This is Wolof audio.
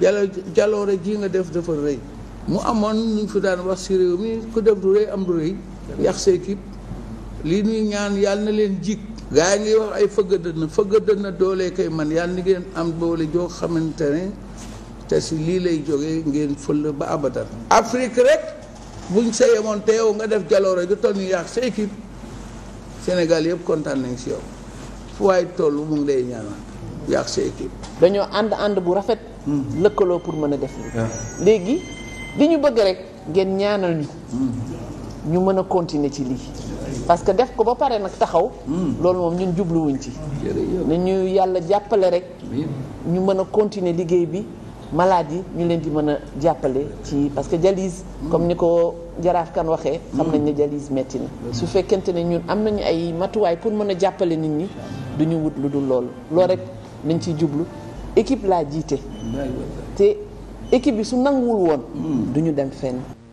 jalo jaloore ji nga def dafa rëy mu amoon ñu ngi fi daan wax si réew mi ku def du rëy am du rëy yax sa équipe lii ñuy ñaan yal na leen jig gaa ngi wax ay fëgga dënn fëgga dënn doolee koy man yàlla ni ngeen am doole joo xamante ne te si lii lay jóge ngeen fël ba abadan Afrique rek buñ sa yemoon te yow nga def jaloore ju toll ni yax sa équipe Sénégal yëpp kontaan nañ si yow fu waay toll mu ngi lay ñaanal dañoo ànd ànd bu rafet. Hmm. lëkkaloo pour mën a def léegi li ñu bëgg rek ngeen ñaanal ñu. Hmm. ñu mën a continuer ci lii. parce que def ko ba pare nag taxaw. Hmm. loolu moom ñun jubluwuñ ci. na ñu yàlla jàppale rek. ñu mën a continuer liggéey bi malade yi ñu leen di mën a jàppale ci parce que dialyse. comme ni ko jaraaf kan waxee. xam nañ ne dialyse metti na. su fekkente ne ñun am nañu ay matuwaay pour mën a jàppale nit ñi. du ñu wut lu dul loolu. loolu rek dañ ciy jublu équipe laa jiite te équipe bi su nanguwul woon hmm. du ñu dem fenn